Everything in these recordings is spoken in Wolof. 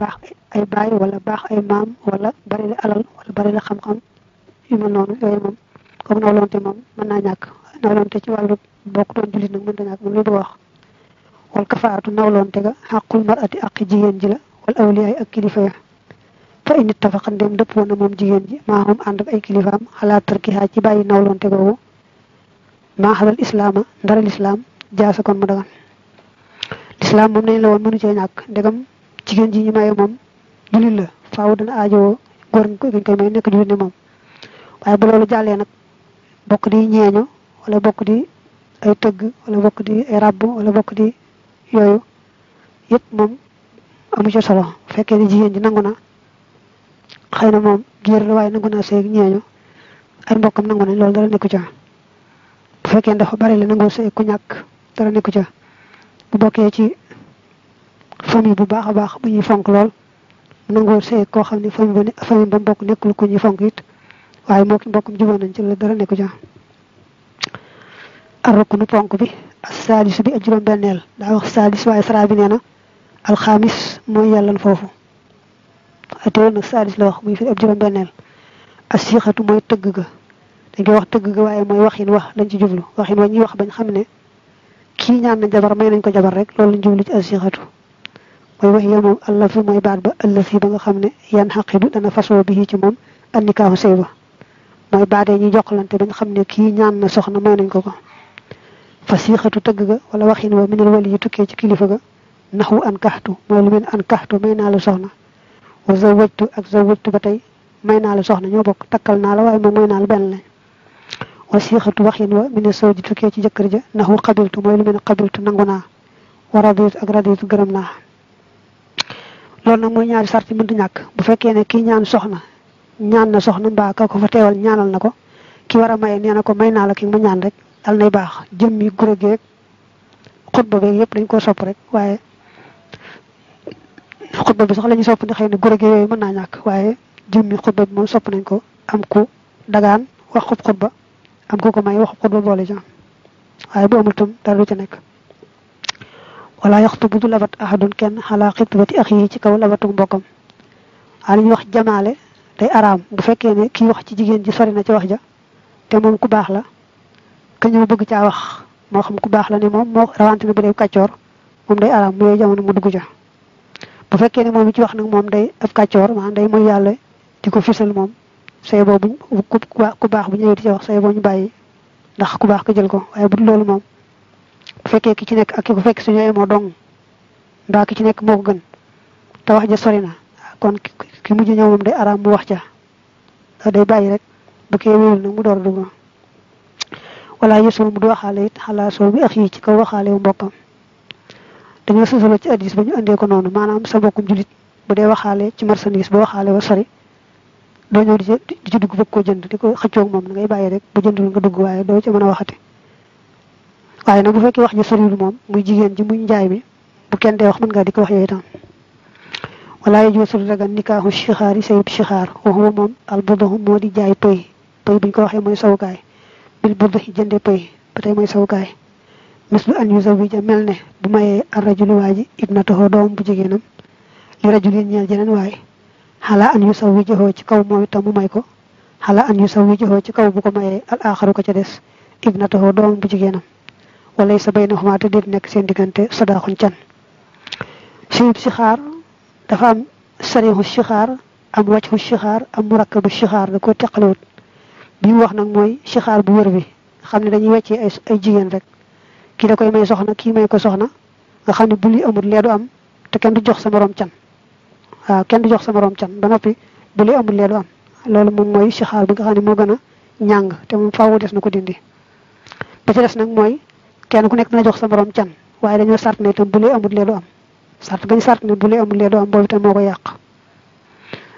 baax ay baay wala baax ay maam wala bari la alal wala bari la xam-xam yu mel noonu yooyu moom comme nawlonte moom mën naa ñàkk nawlonte ci wàllu bokk doon jullit nag mën na ñàkk moom lu bëgg wax wal kafaatu nawlonte ga xaqul marati aqi jigéen ji la wal awliyaay ak kilifa ya fa in ittafaqa ndem dëppoo na moom jigéen ji maahum ànd ak ay kilifaam xalaat tarkiha ci bàyyi nawlonte googu maaxalal islaama ndaral islaam jaasa kon mu dagan lislaam jigéen ji ñu maye moom jullit la faaw dana aajowoo góor dañ koy may nekk jullit ne moom waaye bu loolu jàllee nag bokk di ñeeño wala bokk di ay tëgg wala bokk di ay ràbb wala bokk di yooyu yëpp moom amu ci solo bu fekkee ni jigéen ji nangu na xëy na moom géer la waaye nangu naa sëy ñeeño ay mbokkam nangu nañ loolu dara nekku ca bu fekkee ndax bari la nangu sëy ku ñàkk dara nekku ca bu bokkee ci famille bu baax a baax bu ñuy fonk lool nangoo see koo xam ne famille ba famille ba mbokk ku ñuy fonk it waaye moo ki mbokkum jubóo nañ ci la dara nekku ca arruknu ponk bi saadis bi ak juróom-benneel daa wax saadis waaye sara bi nee na alxamis mooy yàllan foofu waaye teewul nag saadis la wax muy fi ab juróom-benneel asixatu mooy tëgg ga dañ koy wax tëgg ga waaye mooy waxin wax lañ ci jublu waxin wa ñuy wax bañ xam ne kii ñaan na jabar may nañ ko jabar rek loolu lañ jublu ci asixatu mooy wax ya moom allah fi mooy baat ba allah ba nga xam ne yan xaqidu dana fasoo bi ci moom andi kaaw sëy ba mooy jokkalante ba xam ne kii ñaan na soxna may nañ ko ko fasiixatu tëgg ga wala waxin wa minal wali yi tukkee ci kilifa ga naxu an kaxtu mooy lu mel an kaxtu may naa la soxna wa zawajtu ak zawajtu ba tey may naa la soxna ñoo bokk takkal naa la waaye moom may naa la benn lañ wa siixatu waxin wa minal sow ji tukkee ci jëkkër ja naxu xabiltu mooy lu mel ne xabiltu nangu naa wa raditu ak raditu loolu nag mooy ñaari sart yi mënta ñàkk bu fekkee ne kii ñaan soxna ñaan na soxna mbaa ka ko fa teewal ñaanal na ko ki war a maye nee na ko may naa la ki mu ñaan rek dal nay baax jëm yi guro yëpp dañ koo sopp rek waaye xutba bi sax la ñu sopp ne xëy na guro yooyu mën naa ñàkk waaye jëm yi xutba bi moom sopp nañ ko am ku dagaan wax xub xutba am ku ko may wax xutba boole ja waaye bu amul tam dara du ca nekk wala yaxtubu du labat ahadun kenn xalaa xitbati axi ci kaw labatu mbokkam xaal ñu wax jamaale day araam bu fekkee ne kii wax ci jigéen ji sori na ci wax ja te moom ku baax la ka ñëw bëgg caa wax moo xam ku baax la ne moom moo rawante ne bu dee kàccoor moom day araam bu yooyu jamono mu dugg fekkee ne moom mi ci wax nag moom day ab kàccoor maanaam day mooy yàlla di ko fisal moom say boobu ku baax bu ñëwee di ca wax say boo ñu bàyyi ndax ku baax ko jël ko waaye bu dul loolu moom bu fekkee ki ci nekk ak ki fekk fekk suñu moo dong mbaa ki ci nekk moo ko gën te wax ja sori na kon ki mujj ñëw moom day araam mu wax ja day bàyyi rek bu ke wéyul nag mu door dugg wala yosul mu du waxaale it xalaa bi ak yi ci kaw waxaale wu mbokkam dañoo sosolo ci addis ba ñu andee noonu maanaam sa mbokkum jullit bu dee waxaale ci marchandise ba waxaale wa sori doo ñëw di ci dugg bëgg koo jënd di ko xëccoog moom da ngay bàyyi rek bu jëndul nga dugg waaye doo ci mën a waxati waaye nag bu fekkee wax ji soriwul moom muy jigéen ji muy njaay mi bu kenn dee wax mën ngaa di ko wax yooyu tam wala yajuusul dagan nikaahu shixaari sayub shixaar waxuma moom al burdahu moo di jaay pëy pëy buñ ko waxee mooy sawukaay bil burdahi jënde pëy ba tey mooy sawukaay mis lu an yuzawija mel ne bu mayee ar rajulu waa ji ibnatahu doom bu jigéenam li rajulin ñeel jeneen waaye xalaa an yusawijahu ci kaw moom itam mu may ko xalaa an yusawijahu ci kaw bu ko mayee al aaxaru ko ca des ibnatahu doom bu jigéenam walay sa baynahumaa te déet nekk seen diggante sadaaxun can sirib sixaar dafa am sarixu sixaar am wàccu sixaar am bu sixaar da ko teqalewut bi mu wax nag mooy sixaar bu wër bi xam ne dañuy weccee ay jigéen rek kii da koy may soxna kii may ko soxna nga xam ne bu li amul lee du am te kenn du jox sa moroom can waaw kenn du jox sa moroom can ba noppi bu li amul lee du am loolu moom mooy sixaar bi nga xam ne moo gën a ñàng te moom faawu des na ko dindi ba mooy kenn ku nekk dina jox sa morom can waaye dañoo sart ne itam bu lee amut lee du am sart bañ sart ne bu lee amut lee du am boobu moo ko yàq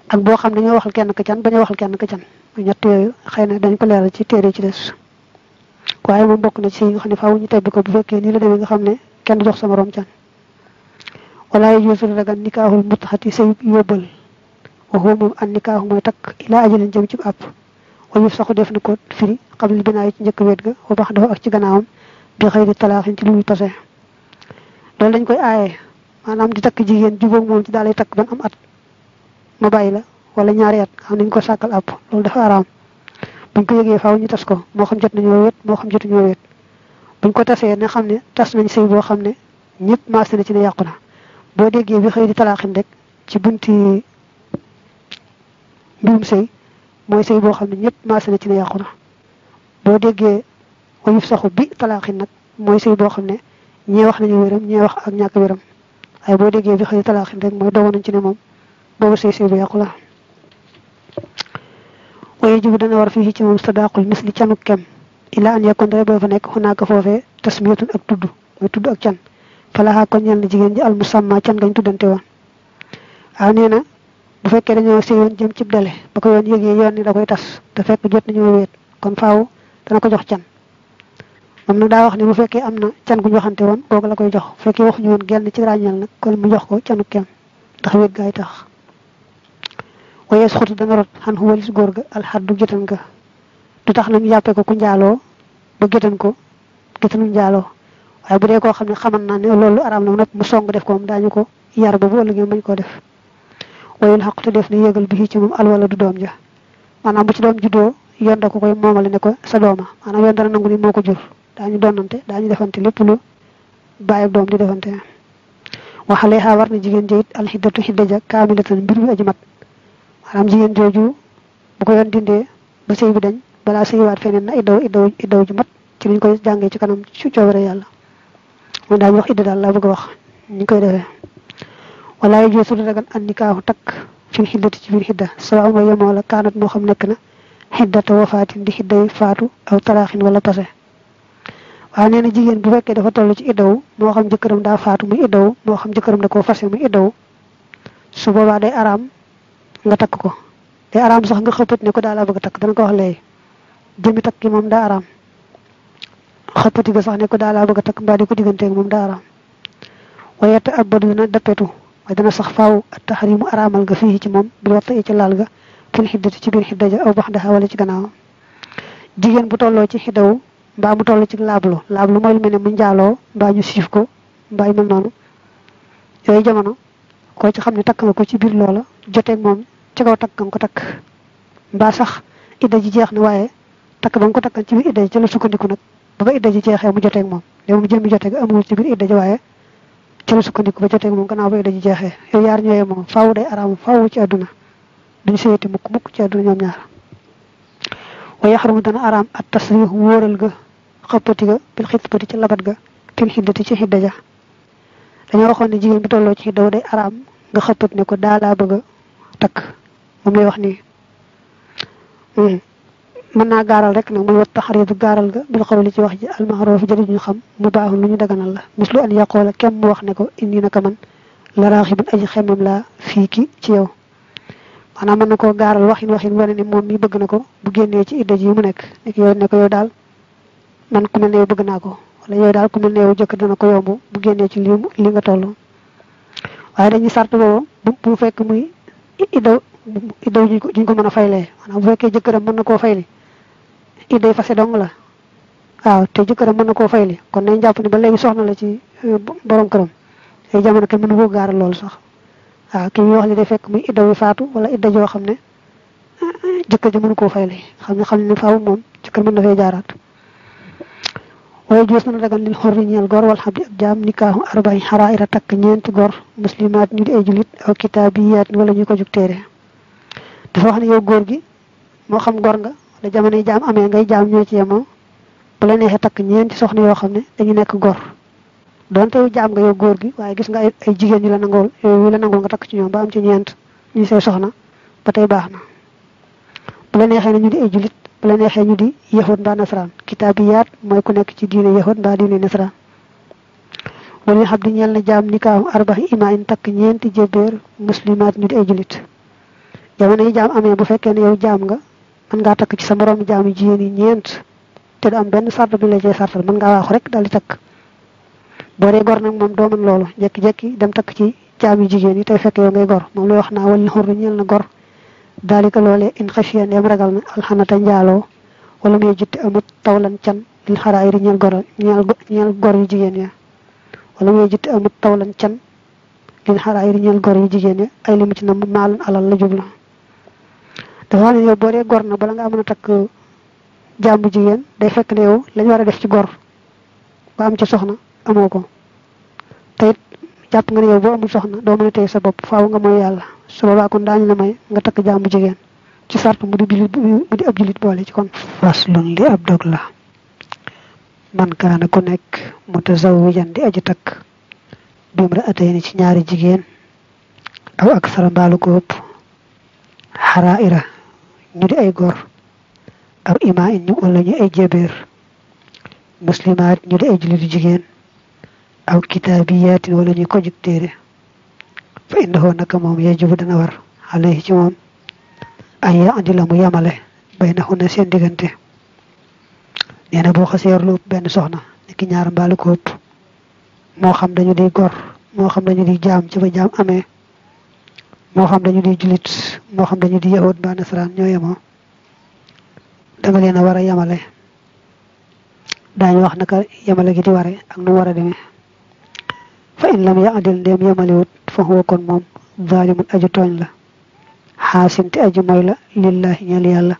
ak boo xam dañoo wax kenn ka can bañoo waxal kenn ka can ñett yooyu xëy na dañ ko leeral ci téere ci des waaye moom bokk na ci nga xam ne faaw ñu tebbi ko bu fekkee nii la demee nga xam ne kenn du jox sa morom can wala yajuuzu dagan nikaahul mut'ati say yóbbal waxu moom an nikaahu mooy takk ilaa ajalin jëm ci àpp o yëf sax def na ko firi xam li binaay ci njëkk wet ga ba baax dafa ak ci gannaawam bi xëyri talaaxin ci lu muy tase loolu dañ koy aaye maanaam di takk jigéen jubóog moom ci daal daalay takk ban am at ma bàyyi la wala ñaari at am nañ ko sàkkal àpp loolu dafa araam buñ ko yëgee faaw ñu tas ko moo xam jot nañoo wet moo xam jotuñoo wet buñ ko tasee ne xam ne tas nañ sëy boo xam ne ñëpp maas na ci ne yàqu na boo déggee bi xëy di talaaxin rek ci bunti mbirum sëy mooy sëy boo xam ne ñëpp maas na ci ne yàqu na boo déggee wa yufsaxu bi talaaxin nag mooy sëy boo xam ne ñee wax nañu wéram ñee wax ak ñàkk wéram waaye boo déggee bi xëy rek mooy dogoon nañ ci ne moom boobu sëy sëy bu yàqu la waaye jibu dana war fii ci moom sadaqul misli canu kem ilaa an yakun rek boo fa nekk xunaaka foofee tasmiyatun ak tudd mooy tudd ak can falaxaa ko ñeel na jigéen ji al musamma can gañ tuddante woon waaw nee na bu fekkee dañoo séyoon jëm cib dale ba ko yoon yëgee yoon ni da koy tas te fekk jot nañu wéet kon faaw dana ko jox can moom nag daa wax ne bu fekkee am na can guñ waxante woon kooku la koy jox bu fekkee waxuñu woon genn ci ràññeel nag kon mu jox ko canu kem ndax wéet gaay tax waaye suxutu dana rot xan xu walis góor ga du gétan ga du tax nag yàppe ko ku njaaloo ba gétan ko gétanu njaaloo waaye bu dee koo xam ne xaman naa ne loolu araam la nag mu song def ko moom daañu ko yar ba bu ëllëgee mañ koo def wayul xaq te def ne yëgal bi ci moom alwala du doom ja maanaam bu ci doom juddoo yonda ko koy ne ko sa dooma maanaam yonda na nangu ni moo ko daañu donante daañu defante lépp lu bàyyi doom di defante waxalee xaa war na jigéen ji it alxiddatu xidda ja kaamilatan mbir mi aji mat maanaam jigéen jooju bu ko yoon dindee ba sëy bi dañ balaa sëywaat feneen na iddaw iddaw iddaw ju mat ci liñ koy jàngee ci kanam ci coobare yàlla moom daañu wax idda daal laa bëgg a wax ñu koy defee walaay joo su dagan an nikaahu takk fil xiddati ci biir xidda sawaaw ma yemoo la kaanat moo xam nekk na xiddata wafaatin di xidday faatu aw talaaxin wala tase waaye nee na jigéen bu fekkee dafa toll ci iddawu moo xam jëkkëram daa faatu muy iddawu moo xam jëkkëram da koo fase muy iddawu su boobaa day araam nga takk ko day araam sax nga xëppat ne ko daala laa bëgg a takk dana ko wax léegi jëmi takk gi moom daa araam xëppati ga sax ne ko daal laa bëgg a takk mbaa di ko digganteeg moom daa araam waaye te ab badu dina dappetu waaye dana sax faaw taxarimu araamal nga fii ci moom bi waxta ci laal ga fil xiddati ci biir xidda ja aw ci gannaawam jigéen bu tolloo ci xiddawu mbaa mu toll ci laablu laablu mooy lu mel ne mu njaaloo mbaa ñu siif ko mbaa yu mel noonu yooyu jamono koo ci xam ne takk nga ko ci biir loola joteeg moom ci kaw takk nga ko takk mbaa sax idda ji jeex na waaye takk ba nga ko takkan ci biir idda ji ca la sukkandiku nag ba ba idda ji jeexee mu joteeg moom léegi mu jëmmi joteeg amul ci biir waaye ca la sukkandiku ba joteeg moom gannaaw ba idda ji jeexee yooyu yaar ñooyee moom faaw day araam faaw ci àdduna duñ seeti mukk mukk ci àdduna ñoom ñaar wa yaxrumu dana araam at tasrih wóoral ga xëppati ga bil xitbati ci labat ga fil xiddati ci xidda ja dañoo waxoon ne jigéen bi tolloo ci xidda de araam nga xëppat ne ko daa laa bëgg a takk moom lay wax ni hmm. mën naa gaaral rek nag muy wat taxariidu gaaral ga bil xawli ci wax ji almaaroof jëri xam mu baaxul lu ñu daganal la mislu an yaqoola kem wax ne ko indi naka man la raaxibun aji xemmam laa fii ki ci yow maanaam mën na koo gaaral waxin waxin wane ne moom mi bëgg na ko bu génnee ci idda ji mu nekk nekk yow ne ko yow daal man ku mel yow bëgg naa ko wala yow daal ku mel yow jëkkër dana ko yomb bu génnee ci li li nga toll waaye dañuy sart boobu bu bu fekk muy iddaw iddaw juñ ko mën a faylee maanaam bu fekkee jëkkëram mën na koo fayli idday fase dong la waaw te jëkkëram mën na koo fayli kon nañ jàpp ni ba léegi soxna la ci euh, borom këram ay jamono kenn mënu ko gaaral loolu sax waaw ki wax li day fekk muy iddaw yu faatu wala idda joo xam ne ah, ah, jëkkër ji mënu koo fayli xam ne xam ne moom jëkkër mën na fee jaaraat waaye gis na dagan lil xorri ñeel gor wal xabdi ab jaam nikaahu arbain xaraira takk ñeenti gor muslimaat ñu di ay julit aw kitaabiyaat wala ñu ko jug téere dafa wax ne góor gi moo xam gor nga wala jamono yi jaam amee ngay jaam ñoo ci yemoo bu la neexee takk ñeenti soxna yoo xam ne dañu nekk gor donte yow jaam nga yow góor gi waaye gis nga ay ay jigéen ñu la nangul yu la nangul nga takk ci ñoom ba am ci ñeent ñu say soxna ba te baax na bu la neexee na ñu di ay julit bu la neexee ñu di yahud mbaa nasaraan kitaabiyaat mooy ku nekk ci diine yahud mbaa diine nasaraan wala xam di ñeel na jaam nikaahu arbax imaa in takk ñeenti jébbeer muslimaat ñu di ay julit jaam amee bu fekkee ne yow jaam nga mën ngaa takk ci sa moroom jaam yu jigéen yi ñeent te du am benn sart bi la cay sartal mën ngaa waaxu rek daal di takk boo dee gor nag moom doo mën loolu jekki-jekki dem takk ci jaam yu jigéen yi tey fekk yow ngay gor moom wax naa wala xurru ñeel gor daalika loolee in xasiya neem ragal na alxanata njaaloo wala muy jitte amut tawlan can lil xaraayri ñeel gor ñeel gor yu jigéen ya wala muy jitte amut can lil xaraayri gor yu jigéen ya ay limu ci na maalun alal la jublu dafa ne yow boo dee gor na bala nga mën a takk jàmb jigéen day fekk ne yow lañ war a def ci gor ba am ci soxna amoo ko te it jàpp nga ne yow boo amul soxna doo mën a téye sa bopp faaw nga mooy yàlla su boobaa kon daañu la may nga takk jàmbu jigéen ci sart mu di jullit ab jullit boole ci kon faslun li ab dog la man ku nekk mutazawijan di aji takk bimra atayni ci ñaari jigéen aw ak sara mbaalu ko ëpp xaraira ñu di ay góor aw ima in ñu wala ñu ay jébeer muslimaat ñu di ay jullit jigéen aw kitaabiyatin wala ñu ko téere fa indahu naka moom yajibu dana war alayhi ci moom an ya'dila mu yamale baynahunna seen diggante nee na boo xasee lu benn soxna ki ñaar mbaalu ko moo xam dañu di gor moo xam dañu di jaam ci jaam amee moo xam dañu di julit moo xam dañu di yahud ba nasaraan ñoo yemoo da leen a war a yamale daañu wax naka yamale gi di ware ak nu mu war a demee fa in lam ya'dil ndéem yamaliwut fa huwa kon moom zaalimun aju tooñ la xaasinti aju mooy la lillahi ñeel yàlla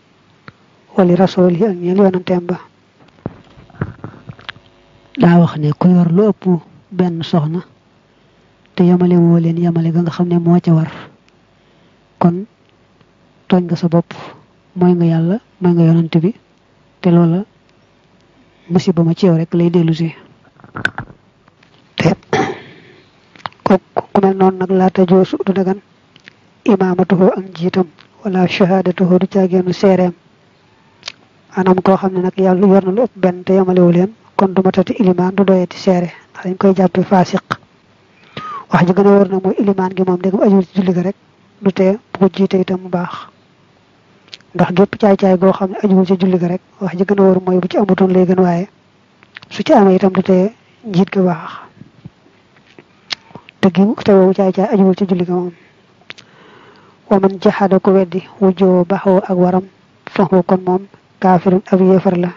wali rasulihi ak ñeel yonanteem ba daa wax ne ku yor lu ëpp benn soxna te yamale woo leen yamale ga nga xam ne moo ca war kon tooñ nga sa bopp mooy nga yàlla mooy nga yonant bi te loola musiba ma ci rekk lay dellusi kon nag laata joosu du dagan imaamatuhu ak njiitam wala shahaadatuhu du caageenu seereem anam koo xam ne nag yàlla yor na lu ëpp benn te yamalewu leen kon du matati ilimaan du doyati seere ndax dañ koy jàppe faasiq wax ji gën a wóor nag mooy ilimaan gi moom ndegam ajul ci julli ga rek du tee bu ko jiite itam mu baax ndax gépp caay-caay goo xam ne ajul ci julli ga rek wax ji gën a wóor mooy bu ci amutoon lay gën waaye su ci amee tam du njiit gi te giw te woowu caay-caay ajuwul ci julli ga moom wa jaxada ko weddi wujjoo baxoo ak waram faxu kon moom kaafirun ab yéefar la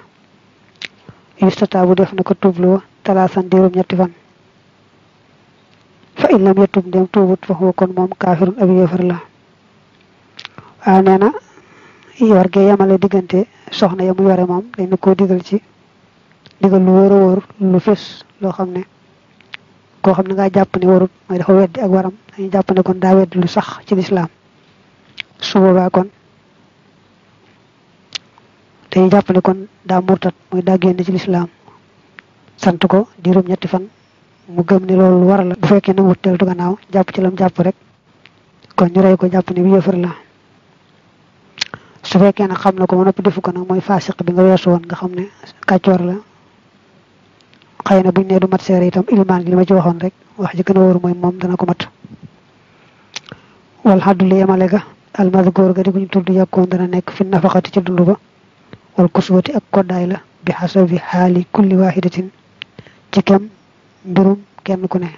yustata bu def na ko tuubloo talaasan diirum ñetti fan fa in lam yatub dem tuubut faxu kon moom kaafirun ab yéefar waaw nee na yor gee diggante soxna ya mu yore moom dañ koo digal ci digal lu wóor a lu fés loo xam ne koo xam ne ngaa jàpp ne warut mooy dafa weddi ak waram dañuy jàpp ne kon daa weddi lu sax ci lislaam su boobaa kon dañuy jàpp kon daa murtat mooy daa génn ci lislaam sant ko diirum ñetti fan mu gëm ni loolu war la bu fekkee nanguwut deltu gannaaw jàpp ci lam jàpp rek kon ñu rey ko jàpp ne bi yëfër la su fekkee nag xam na ko ba noppi defu ko nag mooy faasiq bi nga weesu woon nga xam ne kàccoor la xëy na buñ ne du mat seere itam ilmaan gi li ma ci waxoon rek wax ji gën a mooy moom dana ko mat wal xaddu li yemale ga almadgoor ga di guñ tudd yàkkoon dana nekk fi nafaxati ci dund ba wal kusuwati ak koddaay la bi xasabi xaali kulli waaxidatin ci kem mbirum kenn ku ne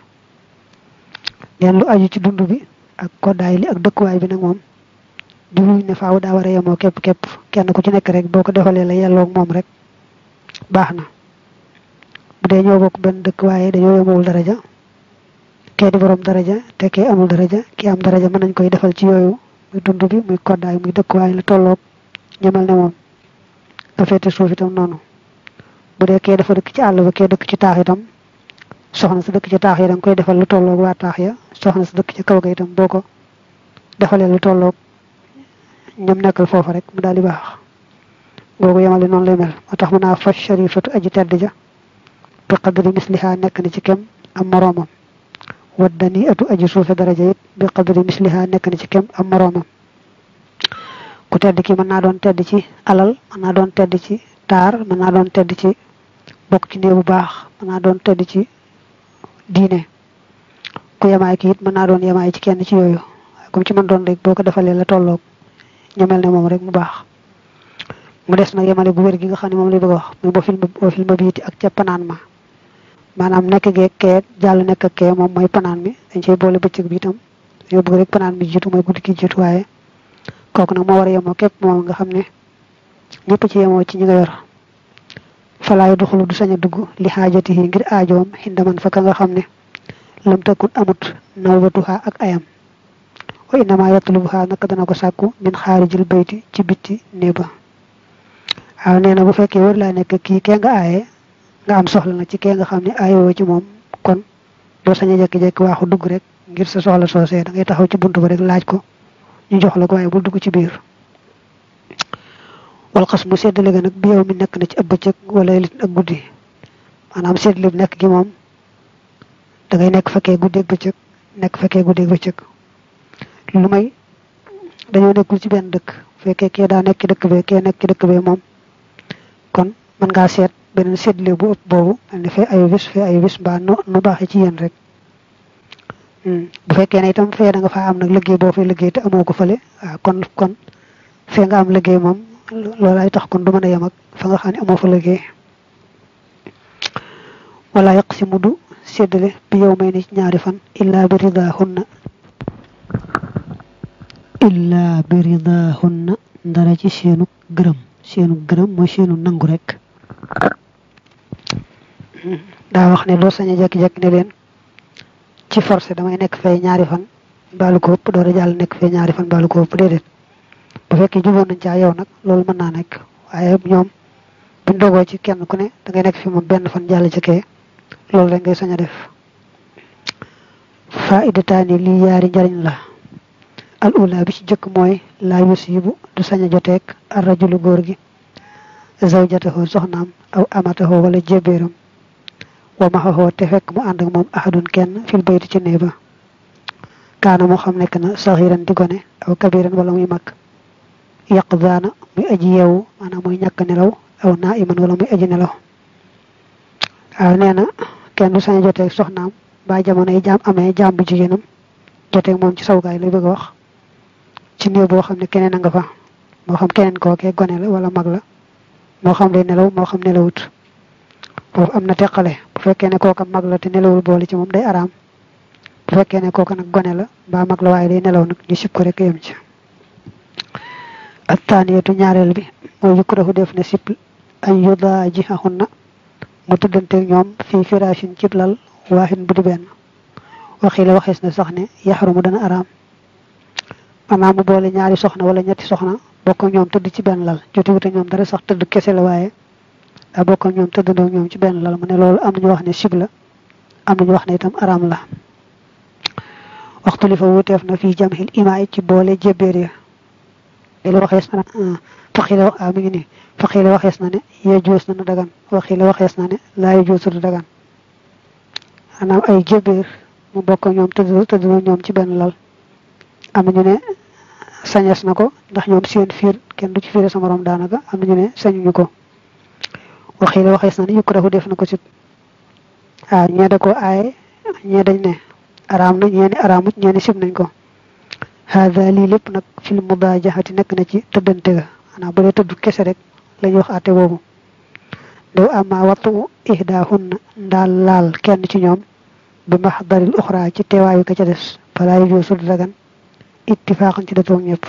leen lu aju ci dund bi ak koddaay li ak dëkkuwaay bi nag moom di wuñ ne faaw daa wara a yemoo képp képp kenn ku ci nekk rek boo ko defalee la yelloog moom rek baax na bu dee ñoo bokk benn dëkk waaye dañoo yemawul daraja kee di borom daraja te kee amul daraja kii mën nañ koy defal ci yooyu muy dund bi muy koddaay muy dëkkuwaay la tolloog ñamal ne moom nga féete suuf itam noonu bu dee dafa dëkk ci àll ba dëkk ci taax itam soxna sa dëkk ci taax yi da koy defal lu tolloog waa taax ya soxna sa dëkk ci kaw ga itam boo ko defalee lu tolloog ñoom nekkal foofa rek mu daal di baax googu yemale noonu lay mel moo tax mu naa fa sharifatu aji tedd ja bi qadri misliha nekk na ci kem a moroomam waddani atu aji suufe daraja it bi qadri misliha nekk na ci kem am moroomam ku tedd ki mën naa doon tedd ci alal mën naa doon tedd ci taar mën naa doon tedd ci bokk ci néew bu baax mën naa doon tedd ci diine ku yemaay ki it mën naa doon yamaay ci kenn ci yooyu comme ci man doon rek boo ko defalee la tolloog ñamel ne moom rek mu baax mu des nag yemale bu wér gi nga xam ne moom lay bëgg a wax muy boo film boo ak cappanaan maanaam nekk gee kee jàll nekk ak kee moom mooy panaan mi dañ cey boole bëccëg bi itam dañoo bëgg rek panaan mi jiitu mooy guddi ki jiitu waaye kooku nag moo war a yemoo képp moom nga xam ne ñëpp ci yemoo ci ñi nga yor falaayu duxulu du sañ dugg li xaajati yi ngir aajoom xindaman fa ka nga xam ne lam takkun amut ak ayam wa innama yatlubuha naka dana ko sàkku min xaarijil bayti ci bitti néeba waaw nee na bu fekkee wër laa nekk kii kee nga aaye nga am soxla nag ci kee nga xam ne aayoo ci moom kon doo sañ a jékki-jékki waaxu dugg rek ngir sa soxla soosee da ngay taxaw ci bunt ba rek laaj ko ñu jox la ko waaye bul dugg ci biir wal xas mu seddale ga nag bi yow mi nekk na ci ab bëccëg wala lit ak guddi maanaam seddale bi nekk gi moom dangay nekk fekkee guddeeg bëccëg nekk fekkee guddeeg bëccëg lu may dañoo nekkul ci benn dëkk fekkee kee daa nekk ci dëkk bee kee nekk dëkk bee moom kon mën ngaa seet beneen séddale bu ëpp boobu andi fee ay wis mbaa nu baaxee ci yéen rek hmm. bu fekkee ne tam fe da nga faa am nag liggéey boo fay liggéey te amoo ko fële ah, kon kon nga am liggéey moom loolaay tax kon du mën a fa nga xam ne amoo fa liggéey wala yàq si mudu séddale bi yow may ñaari fan illaa bi ridaahunna illaa bi ridaahunna ndara ci seenu gërëm seenu gërëm mooy seenu nangu rek daa wax ne doo sañ a jékki-jékki ne leen ci forcé damay nekk fay ñaari fan baalu ko ëpp door a jàll nekk fay ñaari fan baalu ko ëpp déedéet bu fekkee juboon nañ caa yow nag loolu mën naa nekk waaye ñoom buñ dogoo ci kenn ku ne da ngay nekk fi mu benn fan jàll ci kee loolu rek ngay sañ a def faidataani lii yaari njariñ la al ula bi ci jëkk mooy laa yusibu du sañ a joteeg ar góor gi zawjatahu soxnaam aw amatahu wala jébéeram wa maxaxoo te fekk mu ànd ak moom ahadun kenn fil bayti ci néeg ba kaana moo xam nekk na saxiran di gone aw kabiran wala muy mag yàq daana muy aji yeewu maanaam muy ñàkk nelaw aw naa iman wala muy aji nelaw waaw nee na kenn du sañ joteeg soxnaam ba jamono yi jaam amee jaam bu jigéenam joteeg moom ci sawgaay lay bëgg a wax ci néeg boo xam ne keneen a nga fa moo xam keneen kookee gone la wala mag la moo xam day nelaw moo xam nelawut foofu am na teqale bu fekkee ne kooka mag la te nelawul boole ci moom day araam bu fekkee ne kooka nag gone la mbaa mag la waaye day nelaw nag ñu sib ko rek yem ci attaaniyatu ñaareel bi mooy yukrahu def na sib an yudaaji'ahunna mu tuddanteeg ñoom fii firaashin cib lal waaxin bu du benn waxi waxees na sax ne yaxrumu dana araam maanaam mu boole ñaari soxna wala ñetti soxna bokk ñoom tëdd ci benn lal jotiwute ñoom dara sax tëdd kese la waaye daa bokk ak ñoom tëddandoo ñoom ci benn lal mu ne loolu am nañu wax ne sib la am wax ne itam araam la waxtu li fa wuteef na fii jamxil imaay ci boole jébbeer ya la waxees na ah, faqila a ah, mi ngi ni faqila waxees na ne ye joos na nu dagan waxila waxees na ne laa ye joosu du dagan maanaam ay jébbeer mu bokk ñoom tëdd tëddandoo ñoom ci benn lal am nañu ne sañees na ko ndax ñoom seen fiir kenn du ci fiire sa morom daanaka am nañu ne sañuñu ko waxiila waxees na ni yukrahu def na ko sib waaw ñee da ko aaye ñee dañ ne araam na ñee ni araamut ñee ni nañ ko haada lii lépp nag fil mubaajaxati nekk na ci tëddante ga xanaa bu dee tëdd kese rek la ñuy wax àtte boobu dew ama wattu ihdaahunna ndaal laal kenn ci ñoom bi maxdaril uxra ci teewaayu ka ca des falaa yujoosul dagan ittifaaqan ci datoog ñëpp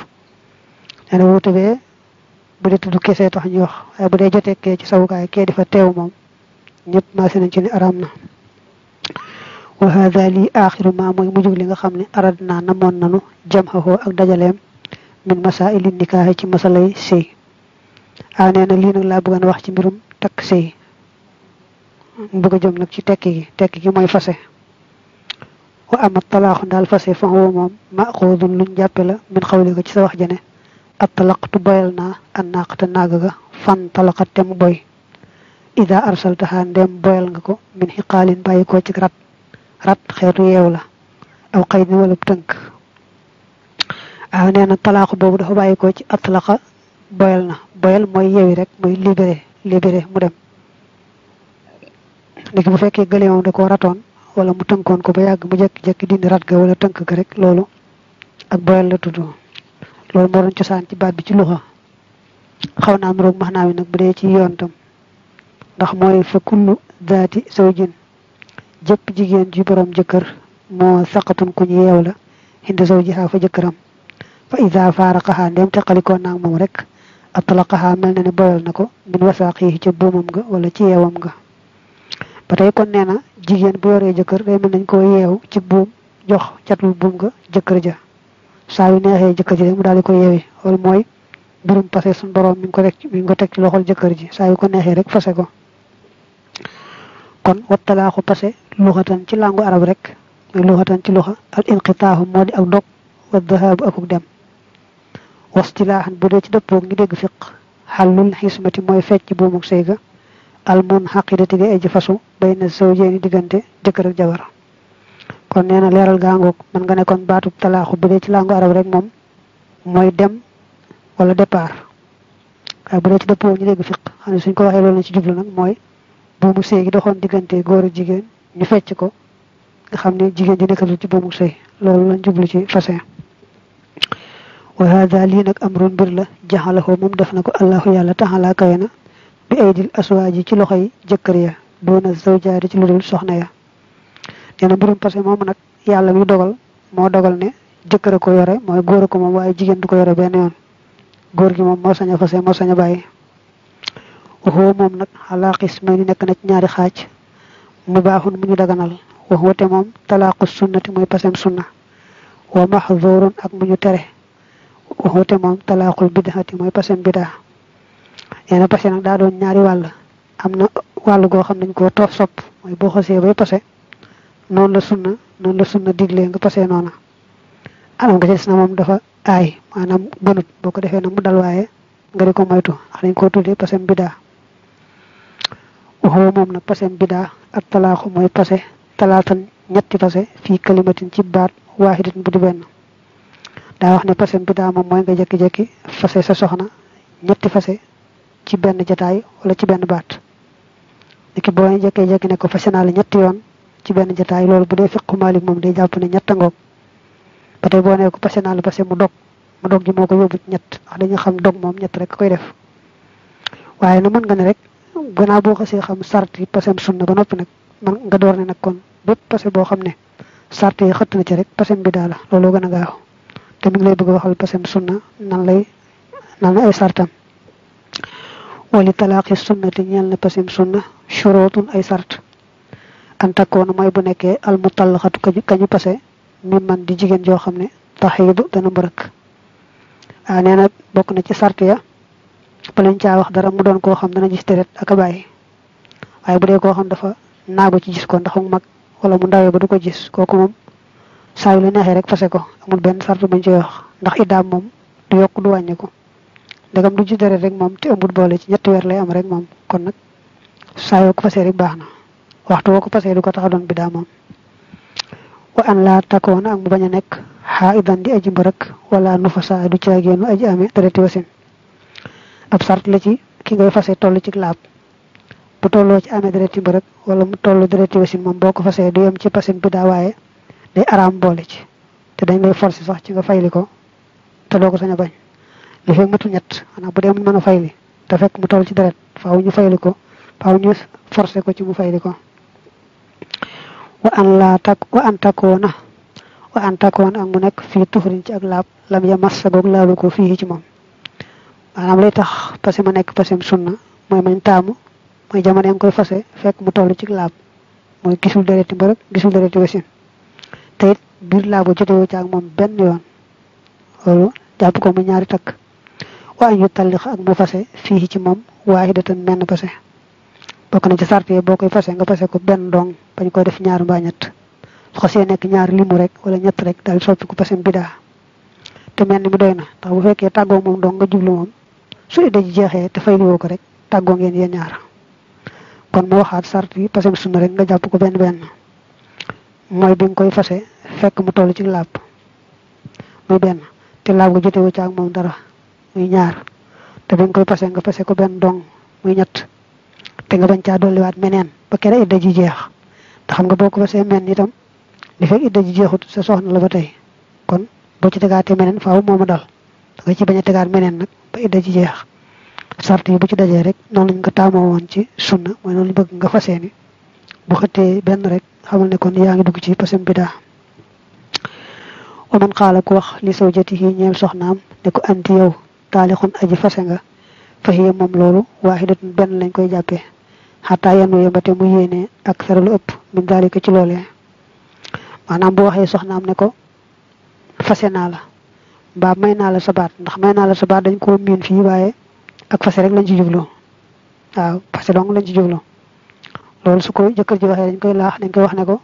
nee na bu tëbee bu dee tudd kese tax ñu wax waaye bu dee jotee kee ci sawukaay kee di teew moom ñëpp maase nañ ci ne araam na wa haada aaxiru ma mooy mujjug li nga xam ne arad naa namoon nanu jamxahoo ak dajaleem min masaa'ili nikaahi ci masalay sëy a nee lii nag laa bëggoon wax ci mbirum takk sëy bëgg a jëm nag ci tekki gi mooy fase wa ama talaaxu daal fase fa huwa moom maxuudun luñ jàppe la min xawli ko ci sa wax jene atalaqtu boyal naa an naaqata nagg ga fan talaqat te mu boy ida arsaltaha ndem boyal nga ko min xiqaalin bàyyi koo ci rat rat xeetu yeew la aw xaydin wala tënk waaw nee na talaaq boobu dafa bàyyi koo ci atlaqa boyal na boyal mooy yeewi rek mooy libéré libéré mu dem léegi bu fekkee gëlee moom da koo ratoon wala mu tënkoon ko ba yàgg mu jekki-jekki dindi rat ga wala tënk ga rek loolu ak boyal la tudd loolu moo cosaan ci baat bi ci luxa xaw naa am roog maanaa wi nag bu dee ci yoon tam ndax mooy fa kullu zaati zawjin jëpp jigéen ji borom jëkkër moo saqatun ku ñu yeew la indi zawjiha fa jëkkëram fa ida faaraqaha ndem teqalikoo naag moom rek atlaqaha mel na ne boyal na ko min wasaaqihi ca buumam nga wala ci yeewam nga ba tey kon nee na jigéen bu yoree jëkkër day mel nañ koo yeew ci buum jox catul buum nga jëkkër ja saa yu neexee jëkkër ji rek mu daal di koy yewi loolu mooy mbirum pase suñu borom mi ngi ko rek mi ngi ko teg ci loxol jëkkër ji saa yu ko neexee rek fase ko kon wattalaaxu pase luxatan ci langu arab rek muy luxatan ci luxa al inqitaahu moo di ak dog wa dahaabu akuk dem wastilaaxan bu dee ci dëppoo ngi dégg fiq xallul xismati mooy fecc buumuk sëy ga almun xaqidati ga ay ji fasu bayna zawjeeni diggante jëkkër ak jabar kon nee na leeral gaangoog mën nga nekkoon kon baatub talaaxu bu dee ci làngu arab rek moom mooy dem wala départ waaye bu dee ci dëppoo ñu dégg fiq xam ne suñ ko waxee loolu na ci jublu nag mooy buumu sëy gi doxoon diggante góor a jigéen ñu fecc ko nga xam ne jigéen ji nekkatul ci buumu sëy loolu jublu ci fasin wa hada lii nag amrun mbir la jaxalahoo moom def na ko allahu yàlla taxalaa kawe na bi aydil aswaaji ci loxoy jëkkër ya doona zawjaari ci lu dul soxna ya nee na mbirum passé moom nag yàlla mi dogal moo dogal ne jëkkër a ko yore mooy góor ko moom waaye jigéen du ko yore benn yoon góor gi moom moo sañ a fase moo sañ a bàyyi waxoo moom nag ala xismayni nekk na ñaari xaaj mu baaxun mu ñu daganal wax wate moom talaaqu sunnati muy pasem sunna wa maxdurun ak mu ñu tere wax wate moom talaaqul bidaati mooy pasem bidaa nee na pase nag daa doon ñaari wàll am na wàll goo xam nañ koo toof sopp mooy boo xasee bay pase noonu la sunna noonu la na diglee nga pasee noona anam nga gis na moom dafa aay maanaam bonut boo ko defee na mu dal waaye nga di ko moytu ndax koo tuddee pasem bidaa waxoo moom na pasem bidaa ak talaaxu mooy pase talaatan ñetti pase fii kalimatin ci baat waaxidatin bu di benn daa wax ne pasem bidaa moom mooy nga jekki-jekki fase sa soxna ñetti fase ci benn jataay wala ci benn baat niki boo jekkee jekki ne ko fase naa la ñetti yoon ci benn jataay loolu bu dee fiqu Maalik moom day jàpp ne ñett ngoog ba tey boo nee ko passé naa la passé mu dog mu dog ji moo ko yóbbu ñett wax dañu xam dog moom ñett rek koy def waaye na mën nga ne rek gannaaw boo xasee xam sart yi passé sunna ba noppi nag man nga door ne nag kon bépp passé boo xam ne sart yi xëtt na ci rek passé bi daala looloo gën a gaaw te mi ngi lay bëgg waxal passé sunna nan lay nan la ay sartam wali talaaqi sunnati ñeel na passé sunna shurutun ay sart an takkoon mooy bu nekkee al mutallaxatu kañu kañu pase mi man di jigéen joo xam ne taxiidu dana mbërëk ah nee na bokk na ci sart ya balañ caa wax dara mu doon koo xam dana gis deret ak baay waaye bu dee koo xam dafa naagu ci gis ko ndax mu mag wala mu ndawee ba du ko gis kooku moom saa yu la neexee rek fase ko amul benn sart bañ ci wax ndax iddaam moom du yokk du wàññiku ndegam du gis deret rek moom te ëmbut boole ci ñetti weer lay am rek moom kon nag saa ko fasee rek baax na waxtu woo ko passé du ko tax doon bidaa moom wa an laa takkoona ak mu bañ a nekk xaa idan di aji mbërëk wala nu fasaa du caagéenu aji ame dereti wasin ab sart la ci ki ngay fase toll ci laab bu tolloo ci amee dereti mbërëk wala mu toll dereti wasin moom boo ko fasee du yem ci pasin bidaa waaye day araam boole ci te dañ lay forcé sax ci nga fayli ko te doo ko sañ a bañ li fekk matul ñett xanaa bu dee mu mën a fayli te fekk mu toll ci deret faaw ñu fayli ko faaw ko ci mu fayli ko wa an laa tak wa an takoona wa an takoona ak mu nekk fii tuxurin ci ak laab lam ya massa goog laabu ko fii ci moom maanaam lay tax pase ma nekk pasem sunna mooy mañ taamu mooy jamono nga koy fase fekk mu toll ci laab mooy gisul dereti mbërëg gisul dereti wasin te it biir laabu jotewoo ci ak moom benn yoon loolu jàpp ko mu ñaari takk waa ñu tallix ak mu fase fii ci moom waaye da tan menn pase bokk na ci sart boo koy fasee nga fase ko benn dong bañ koo def ñaar mbaa ñett su xasee nekk ñaar limu rek wala ñett rek daal soppi ku pasem bidaa te mel ni mi doy na ndax bu fekkee tàggoo moom dong nga jublu moom su idée ji jeexee te fay ko rek tàggoo ngeen yéen ñaar kon mu waxaat sart yi pasem sunna rek nga jàpp ko benn benn mooy bi koy fase fekk mu toll ci laab muy benn te laab nga jotewu ci ak moom dara muy ñaar te bi koy fase nga fase ko benn dong muy ñett te nga bañ caa dolliwaat meneen ba kere idée ji jeex te xam nga boo ko basee mel ni itam li fekk idda ji jeexut sa soxna la ba tey kon boo ci tegaatee meneen faaw mooma dal da nga ci bañ a tegaat meneen nag ba idda ji jeex sart yi bu ci dajee rek noonu lañ ko taamoo woon ci sunna mooy noonu lañ bëgg nga fa ni bu xëttee benn rek xamal ne kon yaa ngi dugg ci pasem bidaa waman xaala ku wax li sawjatihi ñeel soxnaam ne ko anti yow taalixun aji fase nga fahiya moom loolu waaxidatun benn lañ koy jàppee xataa yanu yo ba te mu yéene ak saralu ëpp min ko ci loole maanaam bu waxee soxnaam ne ko fase naa la mbaa may naa la sabaat ndax may naa la sabaat dañ koo miin fii waaye ak fase rek lañ ci jublu waaw fase dong lañ ci jublu loolu su koy jëkkër ji waxee dañ koy laax dañ koy wax ne ko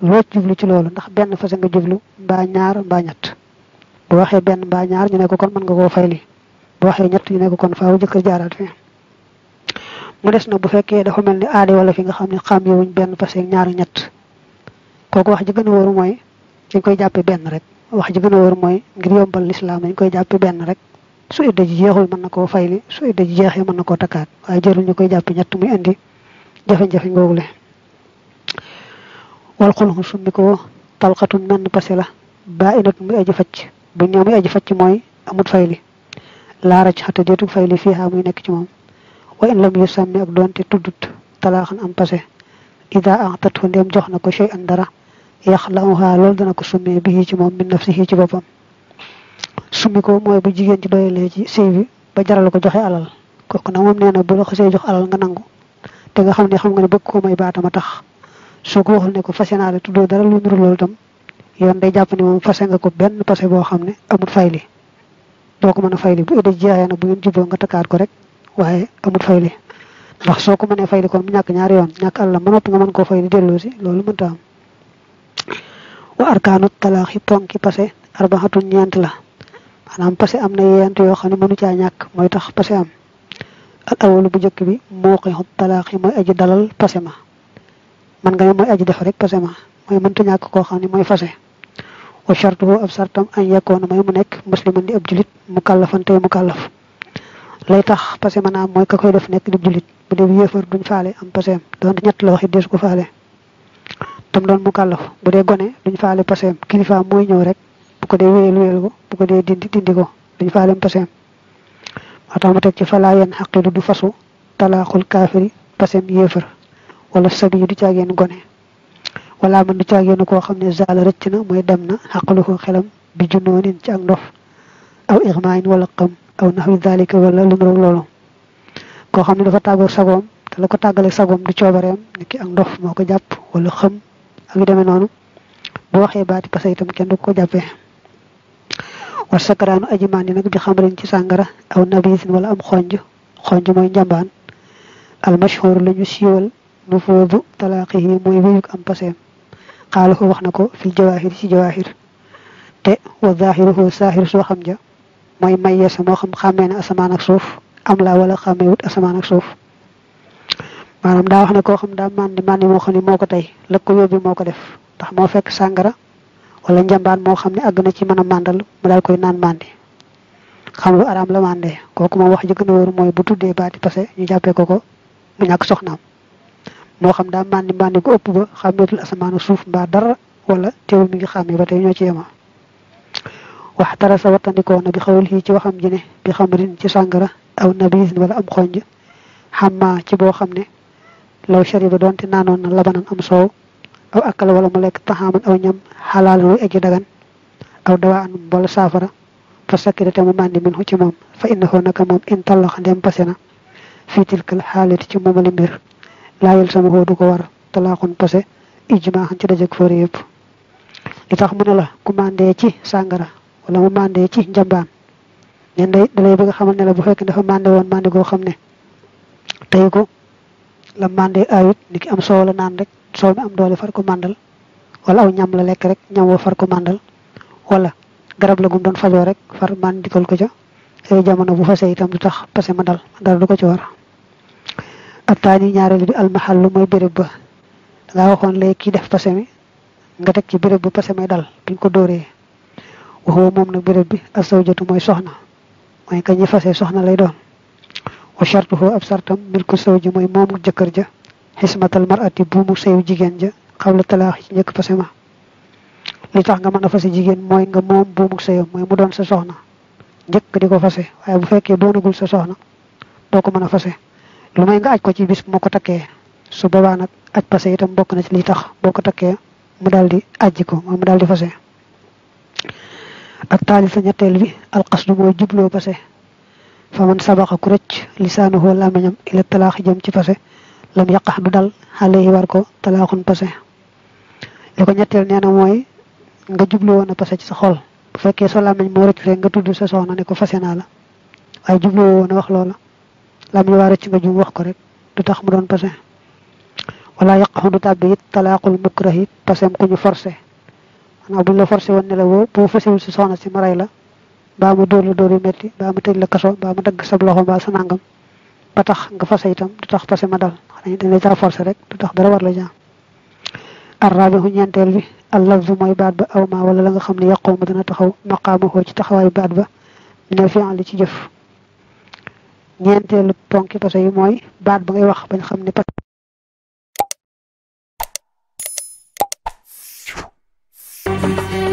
loo jublu ci loolu ndax benn fase nga jublu mbaa ñaar mbaa ñett bu waxee benn mbaa ñaar ñu ne ko kon mën nga koo fay li bu waxee ñett ñu ne ko kon faaw jëkkër jaaraat mu des na bu fekkee dafa mel ni aada wala fi nga xam ne xam yowuñ benn parce que ñaar ñett kooku wax ji gën a wóor mooy dañ koy jàppe benn rek wax ji gën a wóor mooy ngir yombal lislaam dañ koy jàppe benn rek su idda ji jeexul mën na koo fay fayli su idda ji jeexee mën na koo takkaat waaye jërul ñu koy jàppe ñett muy indi jafe-jafe le wal xulxu summi ko talxatun menn pase la baa inatun muy aji facc bu ñëw muy aji facc mooy amut fayli laaraj xata fay fayli fii haa muy nekk ci moom wa nag lam yu sàmmi ak doonte tuddut talaaxan am pase ida atatu ndem jox na ko shay an dara yax yaxlauha lool dana ko summee bi ci moom min nafsihi ci boppam summi ko mooy bu jigéen ci doyalee ci sëy bi ba jaral ko joxe alal kooku nag moom nee na bu la xasee jox alal nga nangu te nga xam ne xam nga ne bëgg ko may baatama tax soo ko waxul ne ko fase naa la tuddoo dara lu nuru loolu tam yoon day jàpp ni moom fase nga ko benn pase boo xam ne amul fayli doo ko mën a fayli bu ëdda jeexee bu ngeen nga takkaat ko rek waaye amul fayli ndax soo ko mënee fayli kon mu ñàkk ñaari yoon ñàkk àlla ba noppi nga mën koo fayli delloo si loolu mënta am wa arkaanu yi ponki pase arbaxatu ñeent la maanaam pase am na yeent yoo xam ne mënu caa ñàkk mooy tax pase am al awalu bu njëkk bi muuqixu talaaxi mooy aji dalal pase ma man nga ne mooy aji def rek pase ma mooy mënta ñàkk ko xam ne mooy fase wa chartuhu ab sartam an yakoona may mu nekk musliman di ab mu kàllafante mu lay tax passé maanaam mooy ka koy def nekk di jullit bu dee yéefar duñ faale am passeem doon ñett la waxi dees ko faale tam doon mu kàllaf bu dee gone duñ faale passeem kilifaam mooy ñëw rek bu ko dee wéyal wéyal ko bu ko dee dindi dindi ko duñ faale passeem moo tax teg ci falaa yenn xaqidu du fasu talaaxul kaafiri passeem yéefar wala sabi yu du caageen gone wala man du caageen koo xam ne zaala rëcc na mooy dem na xaqalu ko xelam bi junnoonin ci ak ndof aw aw naxwi dalika wala lu mu roog loolu koo xam ne dafa tàggoo sagoom la ko tàggale sagoom du coobareem ni ki ak ndof moo ko jàpp wala xëm ak demee noonu bu waxee baati pase itam kenn du ko jàppee war sakaraanu yi nag bi xam ren ci sàngara aw nabisin wala am xonj xonj mooy njambaan al mashhur la ñu siiwal nufuudu talaaqihi mooy wéyuk am paseem xaalahu wax na ko fil jawaahir ci jawaahir te wa zaahiruhu soo xam ja mooy may yeesa moo xam xàmmee na asamaan ak suuf am laa wala xàmmee wut asamaan ak suuf maanaam daa wax ne koo xam daa màndi màndi moo xam ne moo ko tey lëg ko yóbbi moo ko def ndax moo fekk sàngara wala njambaan moo xam ne àgg na ci mën a màndal mu daal koy naan màndi xam lu araam la màndee kooku moom wax ji gën a wóor mooy bu tuddee baati passé ñu jàppee ko ko mu ñàkk soxnaam moo xam daa màndi màndi gu ëpp ba xàmmeetul asamaan ak suuf mbaa dara wala teewul mi ngi ñoo ci waxtara sa wattandikoo na bi xawul yi ci waxam ji ne bi xamrin ci sàngara aw nabisin wala am xonj xamma ci boo xam ne law shariba doonte naanoon na labanan am soow aw akala wala mu lekk taxaaman aw ñam xalaal ru eggi dagan aw dawaa an wala saafara fa sakkirate mu màndi min hu ci moom fa innahu naka moom in tallax ndem pase na fii tilkal xaalati ci moomali mbir laayel sama hoo du ko war talaaxun pase ijmaaxan ci dajëk foore yëpp li tax mu ne la ku ci sàngara wala mu màndee ci njabaan nen day dalay bëgg xamal ne la bu fekkee dafa mànde woon mànde koo xam ne tey ko la mànde ayut ni ki am soow la naan rek soow mi am doole far ko màndal wala aw ñam la lekk rek ñam woo far ko màndal wala garab la gum doon fajoo rek far màndikal ko ca yooyu jamono bu yi itam du tax pase ma dal dara du ko ci war ab taani ñaareelu bi almahallu mooy béréb ba dangaa waxoon léegi kii def pase mi nga teg ci béréb ba pase may dal biñ ko dóoree waxoo moom nag béréb bi asawjatu mooy soxna mooy kañi fase soxna lay doon wa chartuhu ab sartam milku saw ji mooy moomu jëkkër ja xismatal marati bu mu ja xawla talaax ci njëkk fase ma li tax nga mën a fase jigéen mooy nga moom bu mu mooy mu doon sa soxna njëkk di ko fase waaye bu fekkee doonagul sa soxna doo ko mën a fase lu may nga aj ko ci bis moo ko takkee su boobaa nag aj fase itam bokk na ci li tax boo ko takkee mu daal di ajji ko mu daal di fase ak sa ñetteel bi alqasdu mooy jubloo pase fa man sabaxa ku rëcc lisaanuhu làmmiñam ila talaaxi jëm ci pase lam yaqax du dal yi war ko talaaxun pase li ko ñetteel nee na mooy nga jublu woon a pase ci sa xol bu fekkee soo làmmiñ moo rëcc rek nga tudd sa soxna ne ko fase naa la waaye jublu woon wax loola làmmiñ waa rëcc nga jum wax ko rek du tax mu doon pase wala yaqaxu du tàbbi it talaaqul mukrahi paseem ku ñu xanaa buñ la forcé woon ne la woo boo fasewul si soxna si ma la baa ma dóor la dóor yu métti baa ma tëj la kaso baa ma dagg sab loxo ba sa nangam ba tax nga fase itam du tax fase ma dal xanaa dañ la caa forcé rek du tax dara war la jaam arraabihu ñeenteel bi allafzu mooy baat ba aw ma wala la nga xam ne yaqumu dana taxaw maqaamahu ci taxawaayu baat ba ne fi'l li ci jëf ñeenteelu ponki pase yi mooy baat ba ngay wax bañ xam ne pase Thank you.